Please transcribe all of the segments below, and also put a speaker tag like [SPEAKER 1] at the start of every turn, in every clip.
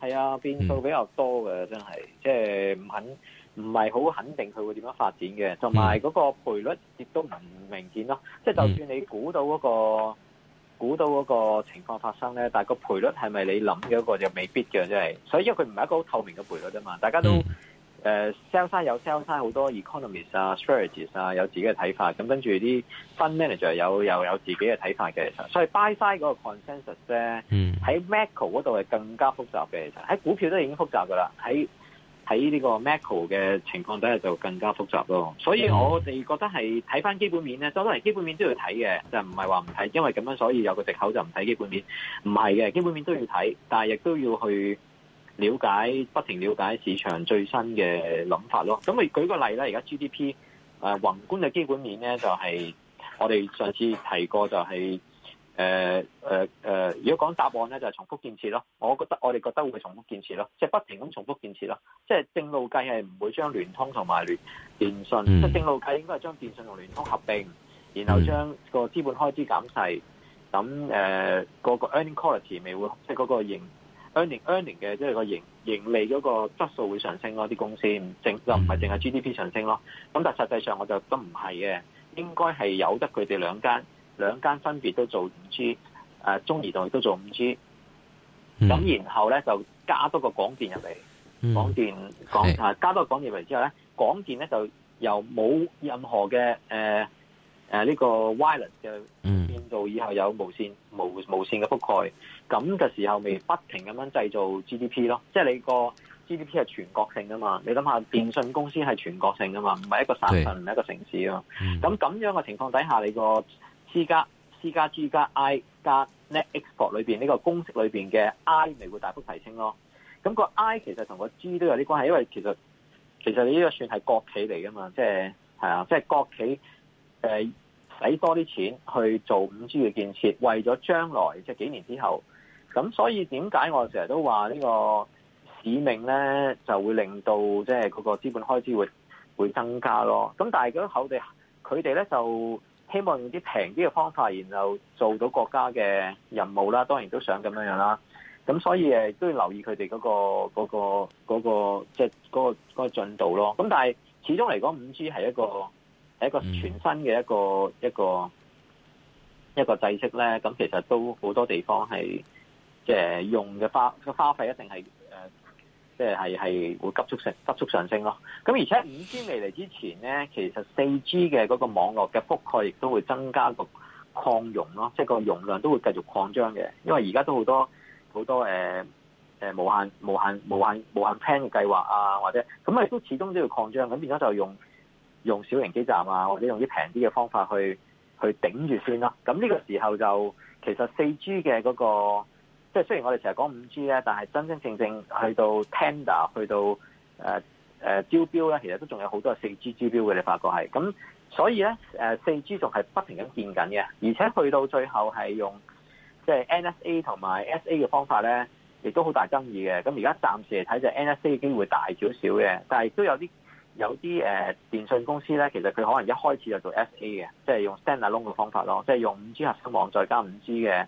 [SPEAKER 1] 係啊，變數比較多嘅、嗯，真係即係唔肯，唔係好肯定佢會點樣發展嘅。同埋嗰個賠率亦都唔明顯咯。即、就、係、是、就算你估到嗰、嗰個，估到嗰個情況發生咧，但係個賠率係咪你諗嘅一個就未必嘅，真係。所以因為佢唔係一個好透明嘅賠率啫嘛，大家都、嗯。誒 sell side 有 sell side 好多 economist 啊 strategist、mm. 啊有自己嘅睇法，咁跟住啲 fund manager 有又有，有自己嘅睇法嘅，所以 buy side 嗰個 consensus 咧，喺 macro 嗰度係更加複雜嘅，其實喺股票都已經複雜噶啦，喺喺呢個 macro 嘅情況底下就更加複雜咯。所以我哋覺得係睇返基本面咧，周人基本面都要睇嘅，就唔係話唔睇，因為咁樣所以有個藉口就唔睇基本面，唔係嘅，基本面都要睇，但係亦都要去。了解，不停了解市場最新嘅諗法咯。咁咪舉個例咧，而家 GDP 誒宏觀嘅基本面咧，就係我哋上次提過，就係誒誒誒，如果講答案咧，就係重複建設咯。我覺得我哋覺得會重複建設咯，即係不停咁重複建設咯。即係正路計係唔會將聯通同埋聯、聯電信、嗯、，即係正路計應該係將電信同聯通合併，然後將個資本開支減細，咁、嗯、誒、個 earning quality 未會，即係嗰個盈。earning earning 嘅即係、就是、個盈盈利個質素會上升咯，啲公司唔正就唔係淨係 GDP 上升咯。咁但實際上我就都唔係嘅，應該係由得佢哋兩間兩間分別都做五 G，誒中移動亦都做五 G。
[SPEAKER 2] 咁然
[SPEAKER 1] 後咧就加多個廣電入嚟，廣電廣啊、嗯、加多個廣電入嚟之後咧，廣電咧就又冇任何嘅誒誒呢個 wireless 嘅嗯。做以後有無線無無嘅覆蓋，咁嘅時候咪不停咁樣製造 GDP 咯。即係你個 GDP 係全國性啊嘛，你諗下電信公司係全國性啊嘛，唔係一個省份唔係一個城市啊嘛。咁、嗯、咁樣嘅情況底下，你個 C 加 C 加 G 加 I 加 Net Export 裏面呢、呢個公式裏面嘅 I 咪會大幅提升咯。咁、那個 I 其實同個 G 都有啲關係，因為其實其實你呢個算係國企嚟噶嘛，即係係啊，即係國企、呃使多啲錢去做五 G 嘅建設，為咗將來即係、就是、幾年之後，咁所以點解我成日都話呢個使命咧，就會令到即係嗰個資本開支會會增加咯。咁但係嗰地，佢哋咧就希望用啲平啲嘅方法，然後做到國家嘅任務啦。當然都想咁樣樣啦。咁所以誒都要留意佢哋嗰個嗰即係嗰個嗰、那個那個那個、進度咯。咁但係始終嚟講，五 G 係一個。喺一個全新嘅一個一個一個制式咧，咁其實都好多地方係即係用嘅花花費一定係即係係係會急速上急速上升咯。咁而且五 G 未嚟之前咧，其實四 G 嘅嗰個網絡嘅覆蓋亦都會增加個擴容咯，即係個容量都會繼續擴張嘅。因為而家都好多好多誒、呃、無限無限無限無限 plan 嘅計劃啊，或者咁啊都始終都要擴張，咁變咗就用。用小型基站啊，或者用啲平啲嘅方法去去頂住先啦。咁呢個時候就其實四 G 嘅嗰個，即係雖然我哋成日講五 G 咧，但係真真正正去到 tender 去到誒誒招標咧，uh, uh, bill, 其實都仲有好多係四 G 招標嘅。你發覺係咁，所以咧誒四 G 仲係不停咁變緊嘅，而且去到最後係用即係、就是、NSA 同埋 SA 嘅方法咧，亦都好大爭議嘅。咁而家暫時嚟睇就 NSA 嘅機會大少少嘅，但係都有啲。有啲誒電信公司咧，其實佢可能一開始就做 SA 嘅，即係用 standalone 嘅方法咯，即係用五 G 核心網再加五 G 嘅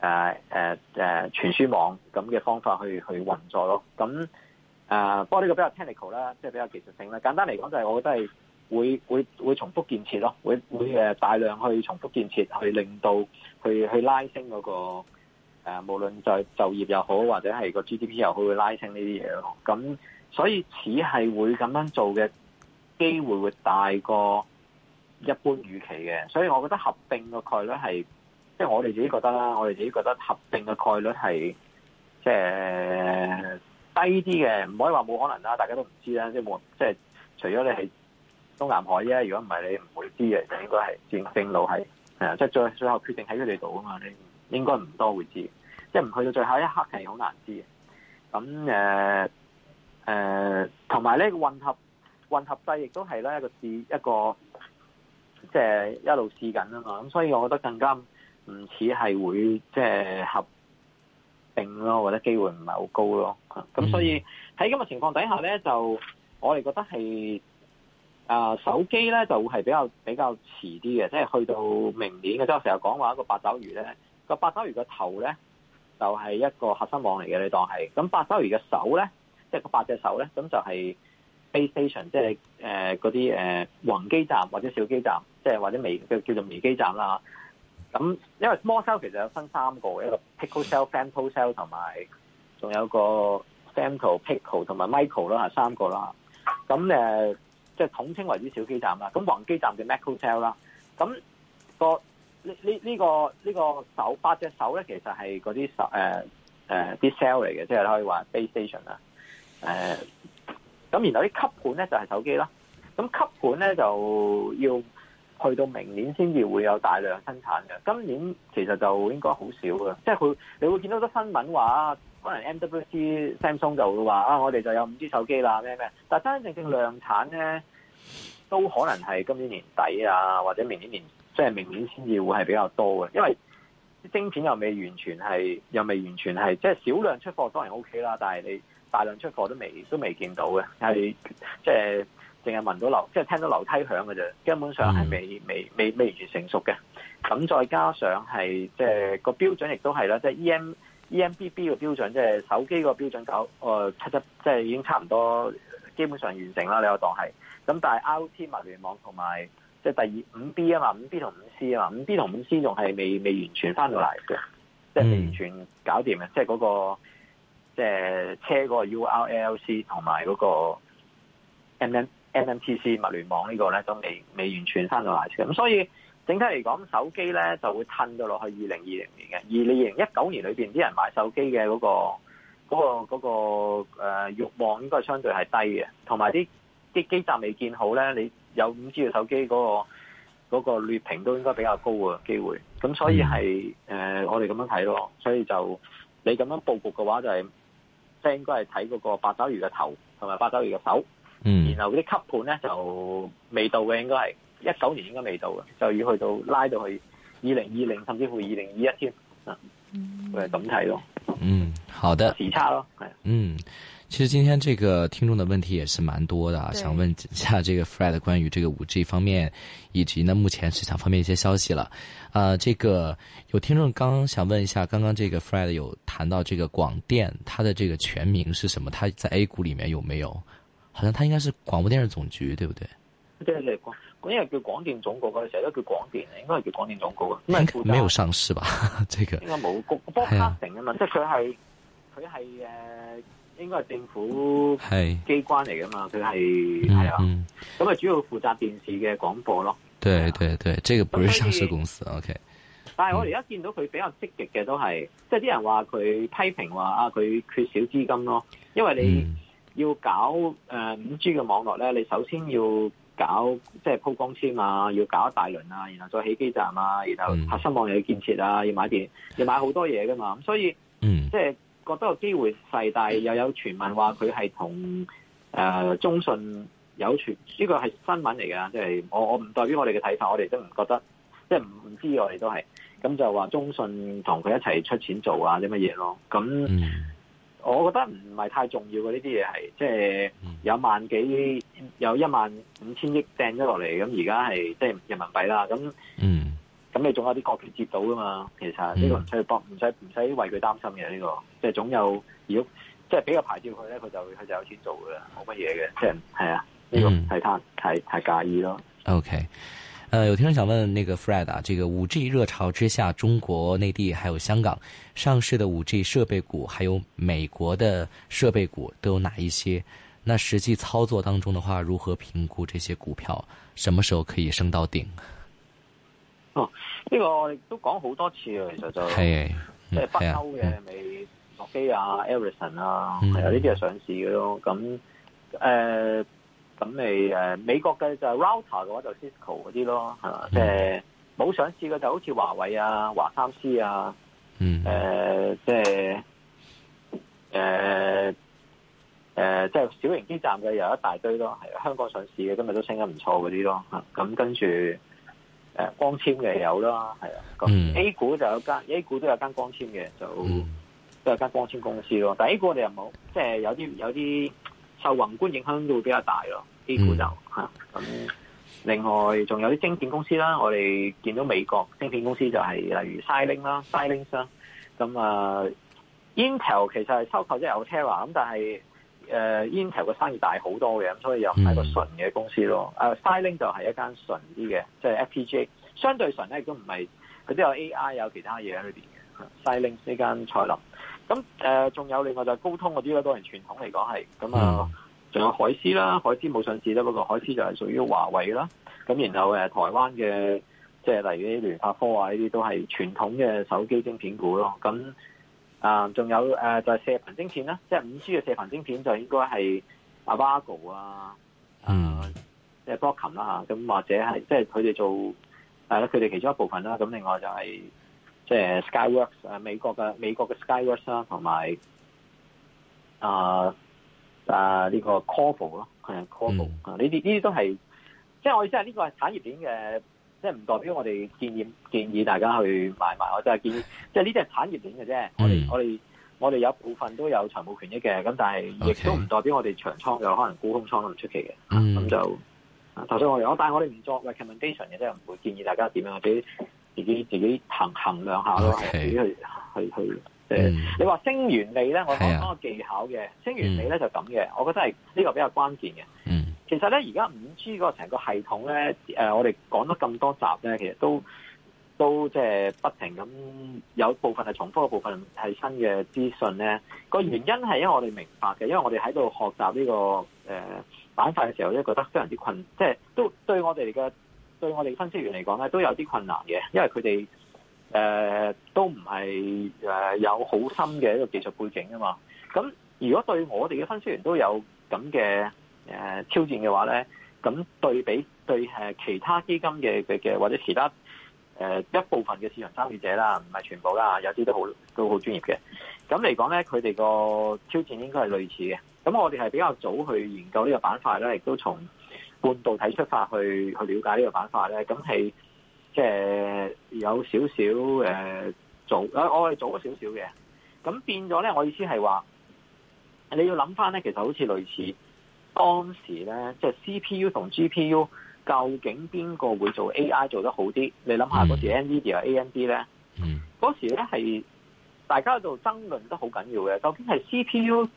[SPEAKER 1] 誒誒誒傳輸網咁嘅方法去去運作咯。咁誒、呃，不過呢個比較 technical 啦，即係比較技術性啦。簡單嚟講就係，我覺得係會會會重複建設咯，會會誒大量去重複建設，去令到去去拉升嗰、嗰個誒、呃，無論就就業又好，或者係個 GDP 又好，會拉升呢啲嘢咯。咁。所以似係會咁樣做嘅機會會大過一般預期嘅，所以我覺得合併嘅概率係，即係我哋自己覺得啦，我哋自己覺得合併嘅概率係即係低啲嘅，唔可以話冇可能啦，大家都唔知啦，即係冇即係除咗你係東南海啫，如果唔係你唔會知嘅，就應該係正正路係，即係最最後決定喺佢哋度啊嘛，你應該唔多會知，即係唔去到最後一刻係好難知嘅，咁誒。誒、呃，同埋呢混合混合制亦都係咧一個試一個，即係一路試緊啊嘛。咁所以，我覺得更加唔似係會即係合併咯，或者機會唔係好高咯。咁所以喺咁嘅情況底下咧，就我哋覺得係啊、呃、手機咧就係比較比較遲啲嘅，即係去到明年嘅。即係成日講話一個八爪魚咧，個八爪魚個頭咧就係、是、一個核心網嚟嘅，你當係咁八爪魚嘅手咧。即係個八隻手咧，咁就係 base station，即係誒嗰啲誒宏基站或者小基站，即係或者微叫叫做微基站啦。咁因為 small cell 其實有分三個，一個 pico cell、femto cell 同埋仲有個 femto pico 同埋 micro 啦，係三個啦。咁誒即係統稱為啲小基站啦。咁宏基站嘅 macro cell 啦。咁、嗰個呢呢呢個呢、呢個手八隻手咧，其實係嗰啲十誒誒啲 cell 嚟嘅，即係可以話 base station 啦。誒、呃，咁然後啲吸盤咧就係手機啦。咁吸盤咧就要去到明年先至會有大量生產嘅。今年其實就應該好少嘅，即係佢你會見到好多新聞話可能 MWC Samsung 就會話啊，我哋就有五 G 手機啦，咩咩。但係真正量產咧，都可能係今年年底啊，或者明年年即係明年先至會係比較多嘅，因為啲晶片又未完全係，又未完全係，即係少量出貨當然 OK 啦，但係你。大量出貨都未都未見到嘅，但係即係淨係聞到樓，即係聽到樓梯響嘅啫。根本上係未未未未完全成熟嘅。咁再加上係即係個標準亦都係啦，即係 E M E M B B 個標準，即係手機個標準搞誒七七，即係已經差唔多基本上完成啦。你可當係。咁但係 I O T 物聯網同埋即係第二五 B 啊嘛，五 B 同五 C 啊嘛，五 B 同五 C 仲係未未完全翻到嚟嘅、嗯，即係未完全搞掂嘅，即係、那、嗰個。即係車嗰個 URLC 同埋嗰個 M M MMTC 物聯網，呢個咧都未未完全生到埋嘅，咁所以整體嚟講手機咧就會褪咗落去二零二零年嘅。而你二零一九年裏邊啲人買手機嘅嗰、嗰個嗰、嗰個嗰、嗰個呃、慾望應該係相對係低嘅，同埋啲啲機站未建好咧，你有五 G 嘅手機嗰、嗰個嗰、嗰個劣評都應該比較高嘅機會。咁所以係誒、呃、我哋咁樣睇咯，所以就你咁樣佈局嘅話就係、係。應該係睇嗰個八爪魚嘅頭同埋八爪魚嘅手，嗯，
[SPEAKER 2] 然後
[SPEAKER 1] 嗰啲吸盤咧就未到嘅，應該係一九年應該未到嘅，就要去到拉到去二零二零，甚至乎二零二一添啊，會係咁睇咯。嗯，
[SPEAKER 2] 好的。
[SPEAKER 1] 時差咯，係
[SPEAKER 2] 嗯。其實今天這個聽眾的問題也是蠻多的啊，的想問一下這個 Fred 關於這個 5G 方面以及呢目前市場方面一些消息了。啊、呃，這個有聽眾剛，剛想問一下，剛剛這個 Fred 有談到這個廣電，它的這個全名是什麼？它在 A 股裏面有沒有？好像它應該是廣播電視總局，對不對？對對咧，廣，因
[SPEAKER 1] 為叫廣電總局，成日都叫廣電啊，應該係叫廣電總局啊。沒有
[SPEAKER 2] 上市吧？這個應該
[SPEAKER 1] 冇，Broadcasting 啊嘛，即係佢係，佢係誒。呃應該係政府係機關嚟噶嘛？佢係係啊，咁、嗯、啊主要負責電視嘅廣播咯。
[SPEAKER 2] 對對對，這個不是上市公司，OK。
[SPEAKER 1] 但係我哋而家見到佢比較積極嘅都係、嗯，即係啲人話佢批評話啊，佢缺少資金咯，因為你要搞誒五 G 嘅網絡咧，你首先要搞即係鋪光纖啊，要搞一大輪啊，然後再起基站啊，然後核心網又要建設啊、嗯，要買電，要買好多嘢噶嘛，咁所以嗯，即係。覺得個機會細，但係又有傳聞話佢係同誒中信有傳，呢個係新聞嚟噶，即係我我唔代表我哋嘅睇法，我哋都唔覺得，即係唔唔知我哋都係咁就話中信同佢一齊出錢做啊啲乜嘢咯。咁、嗯、我覺得唔係太重要嘅呢啲嘢，係即係有萬幾有一萬五千億掟咗落嚟，咁而家係即係人民幣啦。咁嗯。咁你仲有啲國別接到噶嘛？其實呢個唔使幫唔使唔使為佢擔心嘅呢、呢個，即係總有如果即係俾個牌照佢咧，佢、呃、就佢、是、就,就有錢做㗎啦，冇乜嘢嘅。即係係啊，呢個唔係太係太介意咯。
[SPEAKER 2] OK，誒、呃、有聽人想問那個 Fred 啊，這個五 G 熱潮之下，中國內地還有香港上市的五 G 設備股，還有美國的設備股都有哪一些？那實際操作當中的話，如何評估這些股票？什麼時候可以升到頂？
[SPEAKER 1] 呢、哦這個我亦都講好多次啊，其實就即係北歐嘅咪諾基亞、Ericsson 啊，係啊呢啲係上市嘅咯。咁誒，咁咪誒美國嘅就係 Router 嘅話就 Cisco 嗰啲咯，係嘛？即係冇上市嘅就好似華為啊、華三 C 啊，嗯，誒、呃呃嗯，即係誒誒，即係、啊嗯呃就是呃就是、小型基站嘅又一大堆咯。係香港上市嘅今日都升得唔錯嗰啲咯。吓、嗯，咁、嗯、跟住。誒，光纖嘅有啦，係啊，咁 A 股就有間、mm.，A 股都有間光纖嘅，就、mm. 都有間光纖公司咯。但 A 股我哋又冇，即、就、係、是、有啲有啲受宏觀影響都會比較大咯。A 股就吓咁、mm.。另外仲有啲晶片公司啦，我哋見到美國晶片公司就係、是、例如 Xilinx 啦，Xilinx 啦，咁啊、mm. uh, Intel 其實係收購咗有 Altera 咁，但係。誒 Intel 嘅生意大好多嘅，咁所以又唔係一個純嘅公司咯。誒、嗯 uh, Siling 就係一間純啲嘅，即係 FPGA 相對純咧亦都唔係佢都有 AI 有其他嘢喺裏邊嘅。Siling 呢間蔡林，咁誒仲有另外就係高通嗰啲咯，當然傳統嚟講係咁啊，仲、嗯、有海思啦，海思冇上市啦，不過海思就係屬於華為啦。咁然後誒、啊、台灣嘅，即、就、係、是、例如啲聯發科啊，呢啲都係傳統嘅手機晶片股咯。咁啊、嗯，仲有誒、呃，就係射頻晶片啦，即係五 G 嘅射頻晶片就應該係 Avago 啊，嗯，即係 Broadcom 啦吓，咁、就是啊、或者係即係佢哋做係啦，佢、呃、哋其中一部分啦、啊，咁另外就係、是、即係 Skyworks, Skyworks 啊，美國嘅美國嘅 Skyworks 啦，同埋啊啊呢個 Qorvo 咯，係 Qorvo 啊，呢啲呢啲都係，即係我意思係呢個係產業鏈嘅。即係唔代表我哋建議建議大家去買賣，我真係建議，即係呢啲係產業鏈嘅啫。我哋我哋我哋有部分都有財務權益嘅，咁但係亦都唔代表我哋長倉，有可能沽空倉唔出奇嘅。咁、嗯、就頭先我但我但係我哋唔作 recommendation 嘅，即係唔會建議大家點樣自，自己自己自己衡衡量下咯，自己 okay, 去去去誒、嗯。你話升原理咧，我可講個技巧嘅。升原理咧就咁嘅，我覺得係呢、這個比較關鍵嘅。嗯。其實咧，而家五 G 個成個系統咧，誒，我哋講咗咁多集咧，其實都都即係不停咁有部分係重複，部分係新嘅資訊咧。個原因係因為我哋明白嘅，因為我哋喺度學習呢個誒板塊嘅時候咧，覺得非常之困難，即係都對我哋嚟嘅，對我哋分析員嚟講咧，都有啲困難嘅，因為佢哋誒都唔係誒有好深嘅一個技術背景啊嘛。咁如果對我哋嘅分析員都有咁嘅，誒挑戰嘅話咧，咁對比對其他基金嘅嘅或者其他誒一部分嘅市場參與者啦，唔係全部啦，有啲都好都好專業嘅。咁嚟講咧，佢哋個挑戰應該係類似嘅。咁我哋係比較早去研究呢個板塊咧，亦都從半導體出發去去了解呢個板塊咧。咁係即係有少少誒早，我我係早咗少少嘅。咁變咗咧，我意思係話你要諗翻咧，其實好似類似。當時咧，即係 C P U 同 G P U 究竟邊個會做 A I 做得好啲？你諗下嗰時 Nvidia、A M D 咧，嗰時咧係大家喺度爭論得好緊要嘅，究竟係 C P U 誒、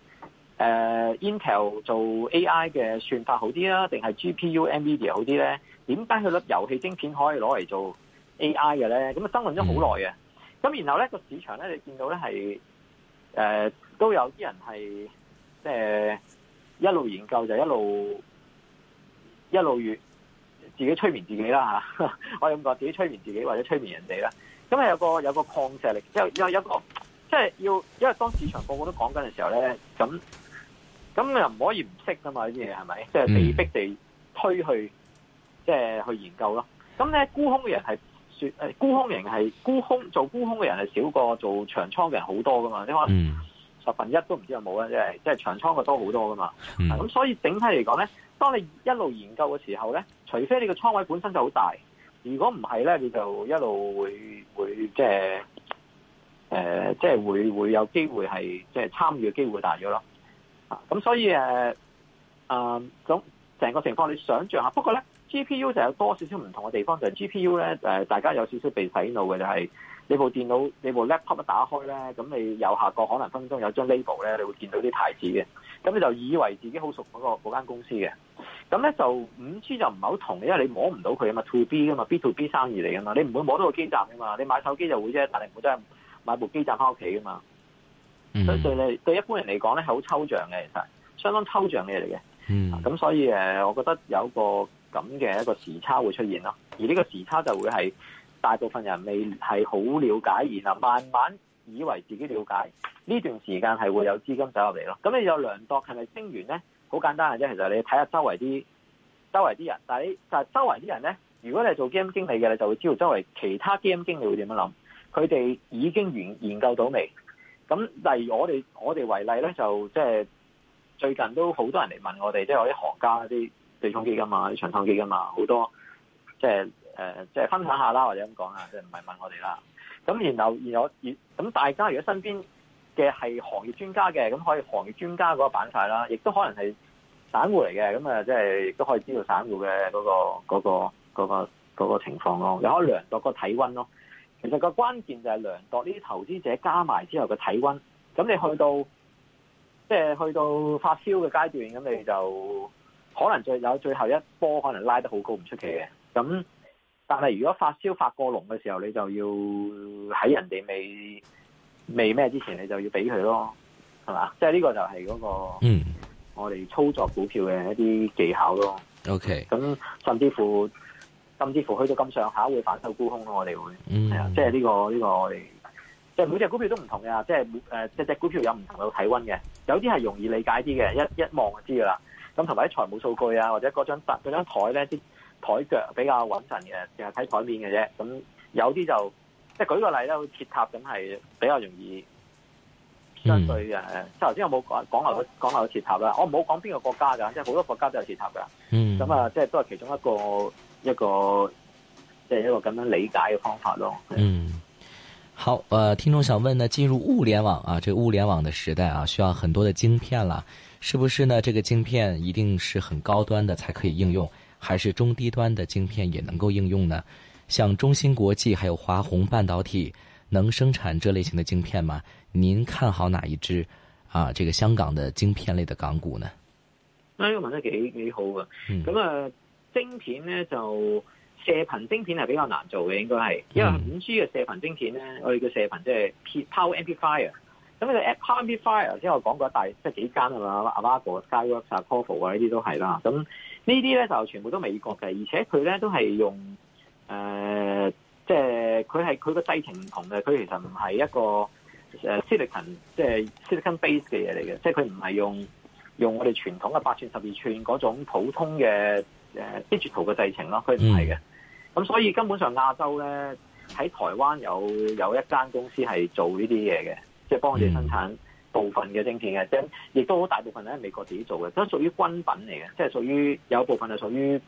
[SPEAKER 1] 呃、Intel 做 A I 嘅算法好啲啊，定係 G P U Nvidia 好啲咧？點解佢粒遊戲晶片可以攞嚟做 A I 嘅咧？咁啊爭論咗好耐嘅。咁、mm. 然後咧個市場咧，你見到咧係誒都有啲人係即係。呃一路研究就一路一路越自己催眠自己啦吓，我又唔覺自己催眠自己或者催眠人哋啦。咁啊有個有個抗蝕力，有有有個即係要，因為當市場個個都講緊嘅時候咧，咁咁又唔可以唔識噶嘛？呢啲嘢係咪？即係被逼地推去即係、就是、去研究咯。咁咧沽空嘅人係沽空人係沽空是做沽空嘅人係少過做長倉嘅人好多噶嘛？你可能。嗯十分一都唔知有冇啦，即係即係長倉嘅多好多噶嘛？咁、嗯啊、所以整體嚟講咧，當你一路研究嘅時候咧，除非你個倉位本身就好大，如果唔係咧，你就一路會會即係誒，即係、呃、會會有機會係即係參與嘅機會大咗咯。啊，咁所以誒，啊咁成個情況你想象下，不過咧 GPU 就有多少少唔同嘅地方，就係、是、GPU 咧誒，大家有少少被洗腦嘅就係、是。你部電腦、你部 laptop 一打開咧，咁你右下角可能分鐘有張 label 咧，你會見到啲牌子嘅。咁你就以為自己好熟嗰個嗰間公司嘅。咁咧就五 G 就唔係好同，因為你摸唔到佢啊嘛，to B 啊嘛，B to B 生意嚟噶嘛，你唔會摸到個基站啊嘛。你買手機就會啫，但你唔會真係買部基站翻屋企噶嘛。嗯、所以對你對一般人嚟講咧，係好抽象嘅，其實相當抽象嘅嘢嚟嘅。咁、嗯、所以誒，我覺得有個咁嘅一個時差會出現咯，而呢個時差就會係。大部分人未係好了解，然後慢慢以為自己了解呢段時間係會有資金走入嚟咯。咁你有量度係咪清完咧？好簡單嘅啫，其實你睇下周圍啲周圍啲人。但係周圍啲人咧，如果你係做基金經理嘅，你就會知道周圍其他基金經理會點樣諗。佢哋已經研研究到未？咁例如我哋我哋為例咧，就即係最近都好多人嚟問我哋，即係我啲行家啲對沖基金啊、長倉基金啊，好多即係。就是誒，即係分享下啦，或者咁講啊，即係唔係問我哋啦。咁然後，然後，然咁大家如果身邊嘅係行業專家嘅，咁可以行業專家嗰個板塊啦，亦都可能係散戶嚟嘅，咁啊，即係都可以知道散戶嘅嗰個、嗰個、嗰個、嗰個、嗰個嗰個情況咯。又可以量度個體温咯。其實個關鍵就係量度呢啲投資者加埋之後嘅體温。咁你去到即係、就是、去到發燒嘅階段，咁你就可能最有最後一波，可能拉得好高唔出奇嘅。咁但係如果發燒發過龍嘅時候，你就要喺人哋未未咩之前，你就要俾佢咯，係嘛？即係呢個就係嗰個，我哋操作股票嘅一啲技巧咯。OK，咁甚至乎，甚至乎去到咁上下會反手沽空咯，我哋會係啊、嗯，即係呢、呢個呢、呢個我哋即係每隻股票都唔同嘅，即係誒，即係每隻股票有唔同嘅體温嘅，有啲係容易理解啲嘅，一一望就知噶啦。咁同埋啲財務數據啊，或者嗰張台咧啲。台腳比較穩陣嘅，淨係睇台面嘅啫。咁有啲就即係舉個例咧，會鐵塔咁係比較容易相對誒。即係頭先有冇講講下個講下個鐵塔啦？我冇講邊個國家噶，即係好多國家都有鐵塔噶。咁、嗯、啊，即係都係其中一個一個即係、就是、一個咁樣理解嘅方法咯。嗯，
[SPEAKER 2] 好。誒、呃，聽眾想問呢，進入物聯網啊，這個、物聯網嘅時代啊，需要很多嘅晶片啦，是不是呢？這個晶片一定是很高端的才可以應用？還是中低端的晶片也能夠應用呢？像中芯國際還有華虹半導體，能生產這類型的晶片嗎？您看好哪一支啊？這個香港的晶片類的港股呢？
[SPEAKER 1] 啊，呢個問得幾幾好啊！咁、嗯、啊，晶片呢，就射頻晶片係比較難做嘅，應該係，因為五 G 嘅射頻晶片呢，嗯、我哋叫射頻即係片 power amplifier。咁咧，power amplifier 頭先我講過大即係幾間啊嘛，Avago、Skyworks、啊、Qorvo 啊呢啲都係啦，咁。這些呢啲咧就全部都美國嘅，而且佢咧都係用誒、呃，即係佢係佢個製程唔同嘅，佢其實唔係一個誒 silicon 即係 silicon base 嘅嘢嚟嘅，即係佢唔係用用我哋傳統嘅八寸、十二寸嗰種普通嘅誒 digital 嘅製程咯，佢唔係嘅。咁、mm. 嗯、所以根本上亞洲咧喺台灣有有一間公司係做呢啲嘢嘅，即係幫佢哋生產。部分嘅晶片嘅，即係亦都好大部分咧，係美國自己做嘅，都屬於軍品嚟嘅，即係屬於有部分係屬於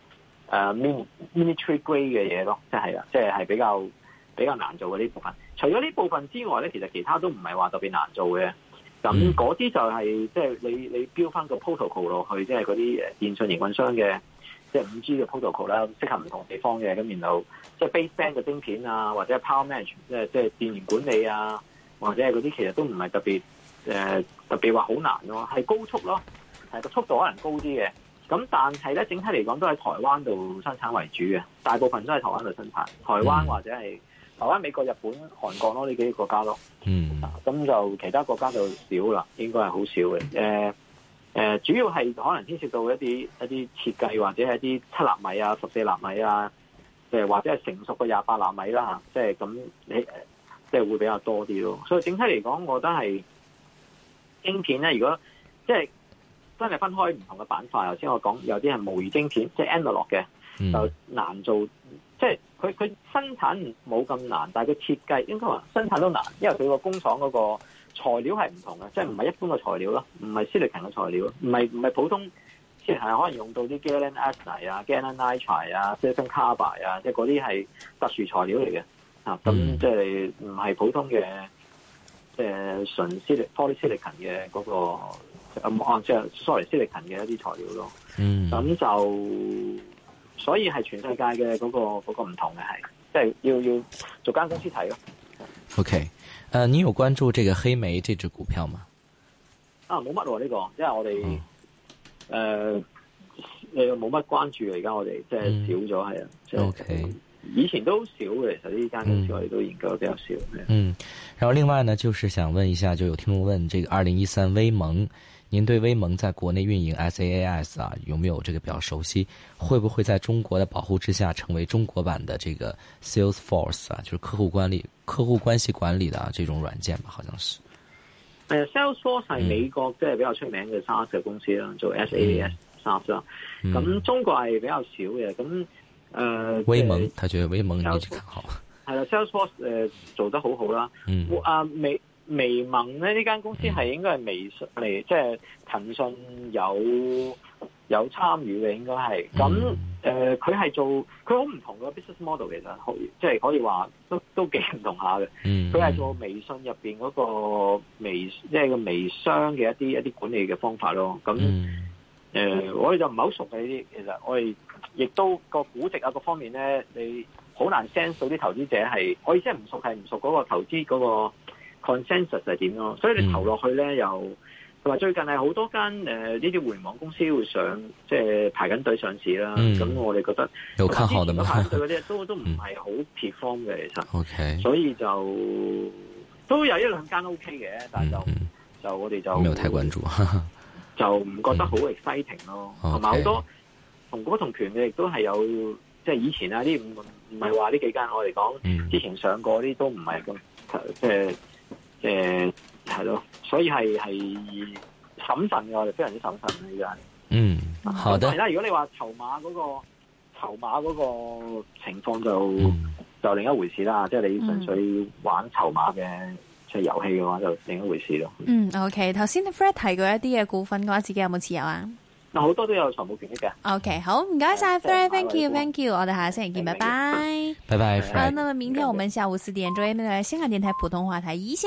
[SPEAKER 1] 誒 min military grade 嘅嘢咯，即係啊，即係係比較比較難做嘅呢部分。除咗呢部分之外咧，其實其他都唔係話特別難做嘅。咁嗰啲就係即係你你標返個 protocol 落去，即係嗰啲誒電信營運商嘅即係五 G 嘅 protocol 啦，適合唔同地方嘅。咁然後即係、就是、baseband 嘅晶片啊，或者 power manage，即係即係電源管理啊，或者係嗰啲其實都唔係特別。誒特別話好難咯，係高速咯，係個速度可能高啲嘅。咁但係咧，整體嚟講都喺台灣度生產為主嘅，大部分都喺台灣度生產。台灣或者係台灣、美國、日本、韓國咯，呢幾個國家咯。嗯，咁就其他國家就少啦，應該係好少嘅。誒、呃、誒、呃，主要係可能牽涉到一啲一啲設計，或者係啲七納米啊、十四納米啊，誒、呃、或者係成熟嘅廿八納米啦嚇，即係咁你即係、就是、會比較多啲咯。所以整體嚟講，我覺得係。晶片咧，如果即係真係分開唔同嘅板塊，頭先我講有啲係模擬晶片，即係 analog 嘅，就難做。即係佢佢生產冇咁難，但係佢設計應該話生產都難，因為佢個工廠嗰個材料係唔同嘅，即係唔係一般嘅材料咯，唔係 silicon 嘅材料，唔係唔係普通 silicon 可能用到啲 gallium arsenide 啊、gallium nitride 啊、silicon carbide 啊，即係嗰啲係特殊材料嚟嘅。咁即係唔係普通嘅。即係純 silicon 嘅嗰個，即係 sorry silicon 嘅一啲材料咯。咁就所以係全世界嘅嗰、嗰個、嗰個唔同嘅係，即係要要做間公司睇咯。
[SPEAKER 2] OK，誒、呃，你有關注這個黑莓這隻股票嗎？
[SPEAKER 1] 啊，冇乜呢個，因為我哋誒誒冇乜關注，而家我哋即係少咗係啊。即係嗯、OK。以前都少嘅，其實呢間
[SPEAKER 2] 公司我哋都研究得比較少嘅、嗯。嗯，然後另外呢，就是想問一下，就有聽眾問，這個二零一三威盟，您對威盟在國內運營 SaaS 啊，有沒有這個比較熟悉？會不會在中國的保護之下，成為中國版的這個 Salesforce 啊，就是客戶管理、客戶關係管理的這種軟件吧？好像是。呀
[SPEAKER 1] Salesforce 係美國即係比較出名嘅 SAAS 公司啦，做 SaaS SAAS、嗯、咁、啊、中國係比較少嘅，咁。誒、呃呃呃嗯啊，微盟，
[SPEAKER 2] 他覺得微盟有幾看好。
[SPEAKER 1] 係啦，Salesforce 誒做得好好啦。嗯。阿微微盟咧呢間公司係應該係微信嚟，即係騰訊有有參與嘅應該係。咁、嗯、誒，佢、嗯、係、嗯呃、做佢好唔同個 business model 其實可以說都，即係可以話都都幾唔同下嘅。佢係做微信入邊嗰個微即係個微商嘅一啲一啲管理嘅方法咯。咁、嗯，誒、嗯呃，我哋就唔係好熟嘅呢啲，其實我哋。亦都個估值啊，各方面咧，你好難 sense 到啲投資者係，我意思係唔熟係唔熟嗰、嗰個投資嗰、嗰個 consensus 係點咯，所以你投落去咧、嗯、又同埋最近係好多間呢啲互聯網公司會上即係排緊隊上市啦，咁、嗯、我哋覺得有啓航咁樣排緊隊嗰啲都、嗯、都唔係好 perform 嘅其實，okay, 所以就都有一兩間 OK 嘅，但就、嗯、就我哋就沒有太關注， 就唔覺得好 exciting 咯，同埋好多。同股同權嘅亦都係有，即係以前啊啲唔唔係話呢幾間我哋講、嗯、之前上過啲都唔係咁即係即係係咯，所以係係審慎嘅，我哋非常之審慎啦，依家。嗯，好的。係啦，如果你話籌碼嗰、嗰個籌碼嗰個情況就、嗯、就另一回事啦，即係你純粹玩籌碼嘅即係遊戲嘅話，就另一回事咯。嗯，OK，頭先啲 Fred 提過一啲嘅股份嘅話，自己有冇持有自由啊？嗱，好多都有財務權益嘅。OK，好，唔該曬，thank you，thank you，我哋下星期見，拜拜，拜拜。好，yeah, uh, 那麼明天我們下午四點再嚟香港電台普通話台一線。